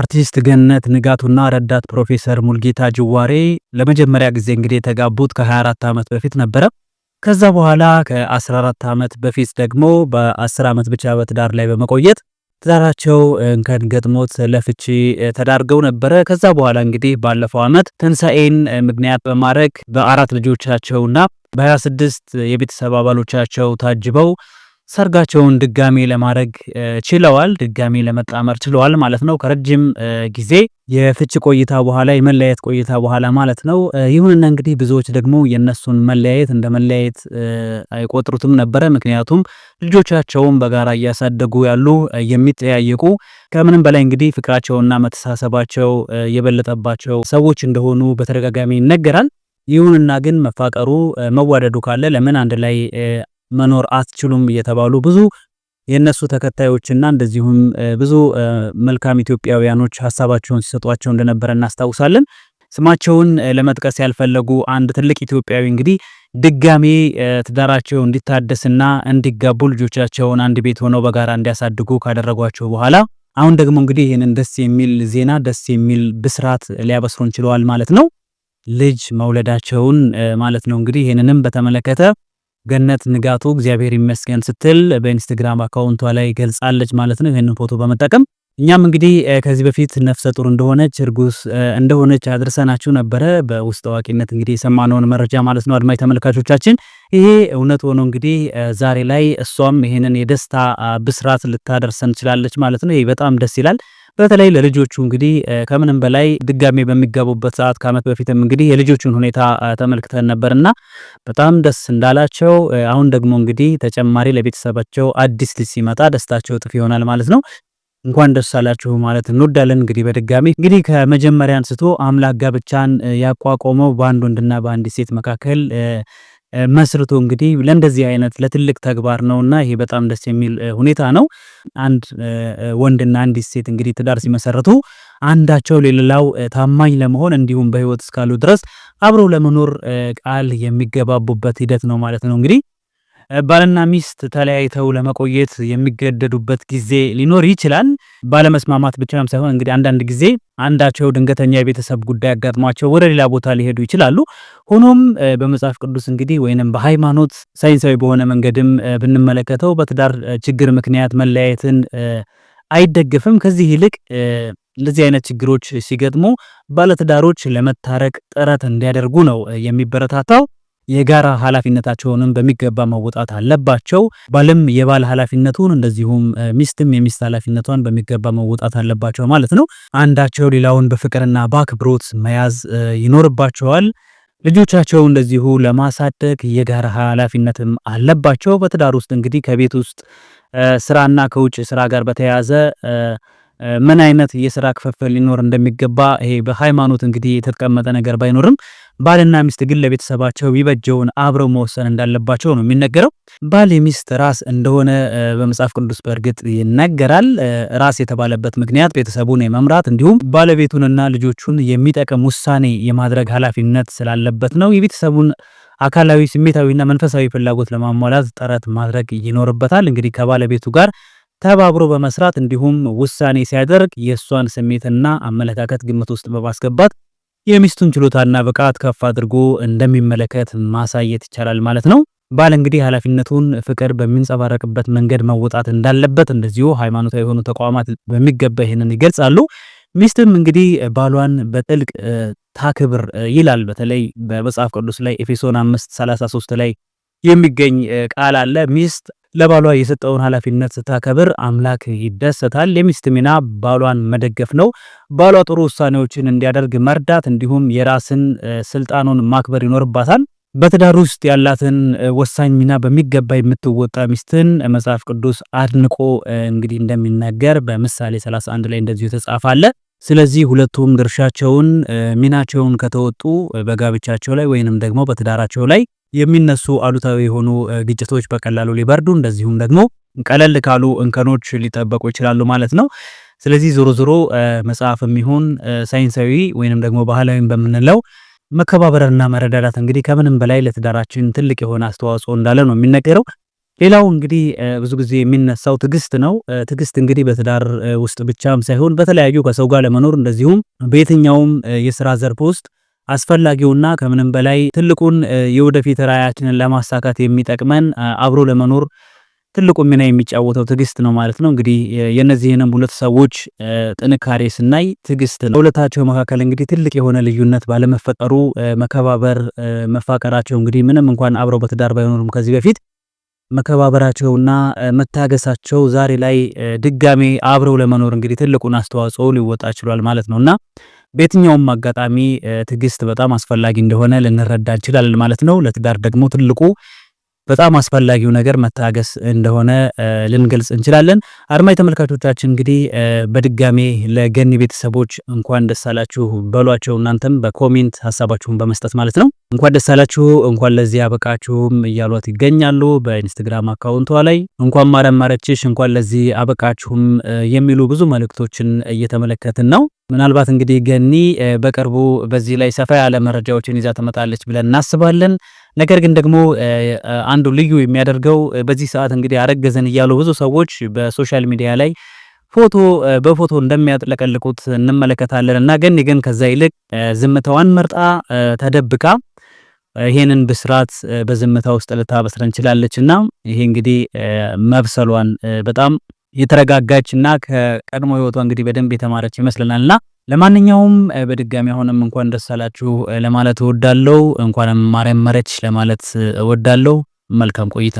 አርቲስት ገነት ንጋቱና ረዳት ፕሮፌሰር ሙልጌታ ጅዋሬ ለመጀመሪያ ጊዜ እንግዲህ የተጋቡት ከ24 ዓመት በፊት ነበረ። ከዛ በኋላ ከ14 ዓመት በፊት ደግሞ በ10 ዓመት ብቻ በትዳር ላይ በመቆየት ትዳራቸው እንከን ገጥሞት ለፍቺ ተዳርገው ነበረ። ከዛ በኋላ እንግዲህ ባለፈው ዓመት ትንሣኤን ምክንያት በማድረግ በአራት ልጆቻቸውና በ26 የቤተሰብ አባሎቻቸው ታጅበው ሰርጋቸውን ድጋሜ ለማድረግ ችለዋል። ድጋሜ ለመጣመር ችለዋል ማለት ነው። ከረጅም ጊዜ የፍቺ ቆይታ በኋላ የመለያየት ቆይታ በኋላ ማለት ነው። ይሁንና እንግዲህ ብዙዎች ደግሞ የእነሱን መለያየት እንደ መለያየት አይቆጥሩትም ነበረ። ምክንያቱም ልጆቻቸውን በጋራ እያሳደጉ ያሉ የሚጠያየቁ ከምንም በላይ እንግዲህ ፍቅራቸውና መተሳሰባቸው የበለጠባቸው ሰዎች እንደሆኑ በተደጋጋሚ ይነገራል። ይሁንና ግን መፋቀሩ መዋደዱ ካለ ለምን አንድ ላይ መኖር አትችሉም እየተባሉ ብዙ የእነሱ ተከታዮችና እንደዚሁም ብዙ መልካም ኢትዮጵያውያኖች ሀሳባቸውን ሲሰጧቸው እንደነበረ እናስታውሳለን። ስማቸውን ለመጥቀስ ያልፈለጉ አንድ ትልቅ ኢትዮጵያዊ እንግዲህ ድጋሜ ትዳራቸው እንዲታደስና እንዲጋቡ ልጆቻቸውን አንድ ቤት ሆነው በጋራ እንዲያሳድጉ ካደረጓቸው በኋላ አሁን ደግሞ እንግዲህ ይህንን ደስ የሚል ዜና ደስ የሚል ብስራት ሊያበስሩን ችለዋል ማለት ነው። ልጅ መውለዳቸውን ማለት ነው። እንግዲህ ይህንንም በተመለከተ ገነት ንጋቱ እግዚአብሔር ይመስገን ስትል በኢንስታግራም አካውንቷ ላይ ገልጻለች ማለት ነው፣ ይህንን ፎቶ በመጠቀም እኛም እንግዲህ ከዚህ በፊት ነፍሰ ጡር እንደሆነች እርጉስ እንደሆነች አድርሰናችሁ ነበረ። በውስጥ አዋቂነት እንግዲህ የሰማነውን መረጃ ማለት ነው አድማጭ ተመልካቾቻችን፣ ይሄ እውነት ሆኖ እንግዲህ ዛሬ ላይ እሷም ይህንን የደስታ ብስራት ልታደርሰን ችላለች ማለት ነው። ይህ በጣም ደስ ይላል። በተለይ ለልጆቹ እንግዲህ ከምንም በላይ ድጋሜ በሚጋቡበት ሰዓት ከዓመት በፊትም እንግዲህ የልጆቹን ሁኔታ ተመልክተን ነበርና በጣም ደስ እንዳላቸው አሁን ደግሞ እንግዲህ ተጨማሪ ለቤተሰባቸው አዲስ ልጅ ሲመጣ ደስታቸው እጥፍ ይሆናል ማለት ነው። እንኳን ደስ አላችሁ ማለት እንወዳለን። እንግዲህ በድጋሚ እንግዲህ ከመጀመሪያ አንስቶ አምላክ ጋብቻን ያቋቋመው በአንድ ወንድና በአንዲት ሴት መካከል መስርቶ እንግዲህ ለእንደዚህ አይነት ለትልቅ ተግባር እና ይሄ በጣም ደስ የሚል ሁኔታ ነው። አንድ ወንድና አንዲት ሴት እንግዲህ ትዳር ሲመሰርቱ አንዳቸው ለሌላው ታማኝ ለመሆን እንዲሁም በህይወት እስካሉ ድረስ አብሮ ለመኖር ቃል የሚገባቡበት ሂደት ነው ማለት ነው እንግዲህ ባልና ሚስት ተለያይተው ለመቆየት የሚገደዱበት ጊዜ ሊኖር ይችላል። ባለመስማማት ብቻም ሳይሆን እንግዲህ አንዳንድ ጊዜ አንዳቸው ድንገተኛ የቤተሰብ ጉዳይ አጋጥሟቸው ወደ ሌላ ቦታ ሊሄዱ ይችላሉ። ሆኖም በመጽሐፍ ቅዱስ እንግዲህ ወይንም በሃይማኖት ሳይንሳዊ በሆነ መንገድም ብንመለከተው በትዳር ችግር ምክንያት መለያየትን አይደግፍም ከዚህ ይልቅ እንደዚህ አይነት ችግሮች ሲገጥሙ ባለትዳሮች ለመታረቅ ጥረት እንዲያደርጉ ነው የሚበረታታው። የጋራ ኃላፊነታቸውንም በሚገባ መወጣት አለባቸው። ባልም የባል ኃላፊነቱን እንደዚሁም ሚስትም የሚስት ኃላፊነቷን በሚገባ መወጣት አለባቸው ማለት ነው። አንዳቸው ሌላውን በፍቅርና በአክብሮት መያዝ ይኖርባቸዋል። ልጆቻቸው እንደዚሁ ለማሳደግ የጋራ ኃላፊነትም አለባቸው። በትዳር ውስጥ እንግዲህ ከቤት ውስጥ ስራና ከውጭ ስራ ጋር በተያያዘ ምን አይነት የስራ ክፍፍል ሊኖር እንደሚገባ ይሄ በሃይማኖት እንግዲህ የተቀመጠ ነገር ባይኖርም ባልና ሚስት ግን ለቤተሰባቸው ይበጀውን አብረው መወሰን እንዳለባቸው ነው የሚነገረው። ባል የሚስት ራስ እንደሆነ በመጽሐፍ ቅዱስ በእርግጥ ይነገራል። ራስ የተባለበት ምክንያት ቤተሰቡን የመምራት እንዲሁም ባለቤቱንና ልጆቹን የሚጠቅም ውሳኔ የማድረግ ኃላፊነት ስላለበት ነው። የቤተሰቡን አካላዊ ስሜታዊና መንፈሳዊ ፍላጎት ለማሟላት ጥረት ማድረግ ይኖርበታል። እንግዲህ ከባለቤቱ ጋር ተባብሮ በመስራት እንዲሁም ውሳኔ ሲያደርግ የእሷን ስሜትና አመለካከት ግምት ውስጥ በማስገባት የሚስቱን ችሎታና ብቃት ከፍ አድርጎ እንደሚመለከት ማሳየት ይቻላል ማለት ነው። ባል እንግዲህ ኃላፊነቱን ፍቅር በሚንጸባረቅበት መንገድ መወጣት እንዳለበት እንደዚሁ ሃይማኖታዊ የሆኑ ተቋማት በሚገባ ይህንን ይገልጻሉ። ሚስትም እንግዲህ ባሏን በጥልቅ ታክብር ይላል። በተለይ በመጽሐፍ ቅዱስ ላይ ኤፌሶን 5 33 ላይ የሚገኝ ቃል አለ። ሚስት ለባሏ የሰጠውን ኃላፊነት ስታከብር አምላክ ይደሰታል። የሚስት ሚና ባሏን መደገፍ ነው። ባሏ ጥሩ ውሳኔዎችን እንዲያደርግ መርዳት፣ እንዲሁም የራስን ስልጣኑን ማክበር ይኖርባታል። በትዳር ውስጥ ያላትን ወሳኝ ሚና በሚገባ የምትወጣ ሚስትን መጽሐፍ ቅዱስ አድንቆ እንግዲህ እንደሚነገር በምሳሌ 31 ላይ እንደዚሁ የተጻፈ አለ። ስለዚህ ሁለቱም ድርሻቸውን ሚናቸውን ከተወጡ በጋብቻቸው ላይ ወይንም ደግሞ በትዳራቸው ላይ የሚነሱ አሉታዊ የሆኑ ግጭቶች በቀላሉ ሊበርዱ እንደዚሁም ደግሞ ቀለል ካሉ እንከኖች ሊጠበቁ ይችላሉ ማለት ነው። ስለዚህ ዞሮ ዞሮ መጽሐፍ የሚሆን ሳይንሳዊ ወይንም ደግሞ ባህላዊም በምንለው መከባበርና መረዳዳት እንግዲህ ከምንም በላይ ለትዳራችን ትልቅ የሆነ አስተዋጽኦ እንዳለ ነው የሚነገረው። ሌላው እንግዲህ ብዙ ጊዜ የሚነሳው ትዕግስት ነው። ትዕግስት እንግዲህ በትዳር ውስጥ ብቻም ሳይሆን በተለያዩ ከሰው ጋር ለመኖር እንደዚሁም በየትኛውም የስራ ዘርፍ ውስጥ አስፈላጊውና ከምንም በላይ ትልቁን የወደፊት ራዕያችንን ለማሳካት የሚጠቅመን አብሮ ለመኖር ትልቁ ሚና የሚጫወተው ትዕግስት ነው ማለት ነው። እንግዲህ የነዚህንም ሁለት ሰዎች ጥንካሬ ስናይ ትዕግስት ነው። ሁለታቸው መካከል እንግዲህ ትልቅ የሆነ ልዩነት ባለመፈጠሩ መከባበር፣ መፋቀራቸው እንግዲህ ምንም እንኳን አብረው በትዳር ባይኖሩም ከዚህ በፊት መከባበራቸውና መታገሳቸው ዛሬ ላይ ድጋሜ አብረው ለመኖር እንግዲህ ትልቁን አስተዋጽኦ ሊወጣ ችሏል ማለት ነውና በየትኛውም አጋጣሚ ትዕግስት በጣም አስፈላጊ እንደሆነ ልንረዳ እንችላለን ማለት ነው። ለትዳር ደግሞ ትልቁ በጣም አስፈላጊው ነገር መታገስ እንደሆነ ልንገልጽ እንችላለን። አድማጭ ተመልካቾቻችን እንግዲህ በድጋሜ ለገኒ ቤተሰቦች እንኳን ደስ አላችሁ በሏቸው። እናንተም በኮሜንት ሀሳባችሁን በመስጠት ማለት ነው። እንኳን ደስ አላችሁ፣ እንኳን ለዚህ አበቃችሁም እያሏት ይገኛሉ። በኢንስታግራም አካውንቷ ላይ እንኳን ማረም ማረችሽ፣ እንኳን ለዚህ አበቃችሁም የሚሉ ብዙ መልእክቶችን እየተመለከትን ነው። ምናልባት እንግዲህ ገኒ በቅርቡ በዚህ ላይ ሰፋ ያለ መረጃዎችን ይዛ ትመጣለች ብለን እናስባለን። ነገር ግን ደግሞ አንዱ ልዩ የሚያደርገው በዚህ ሰዓት እንግዲህ አረገዘን እያሉ ብዙ ሰዎች በሶሻል ሚዲያ ላይ ፎቶ በፎቶ እንደሚያጥለቀልቁት እንመለከታለን እና ገኒ ግን ከዛ ይልቅ ዝምታዋን መርጣ ተደብቃ ይሄንን ብስራት በዝምታ ውስጥ ልታበስር እንችላለች እና ይሄ እንግዲህ መብሰሏን በጣም የተረጋጋች እና ከቀድሞ ህይወቷ እንግዲህ በደንብ የተማረች ይመስለናል ለማንኛውም በድጋሚ አሁንም እንኳን ደስ አላችሁ ለማለት እወዳለሁ። እንኳንም ማርያም መረች ለማለት እወዳለሁ። መልካም ቆይታ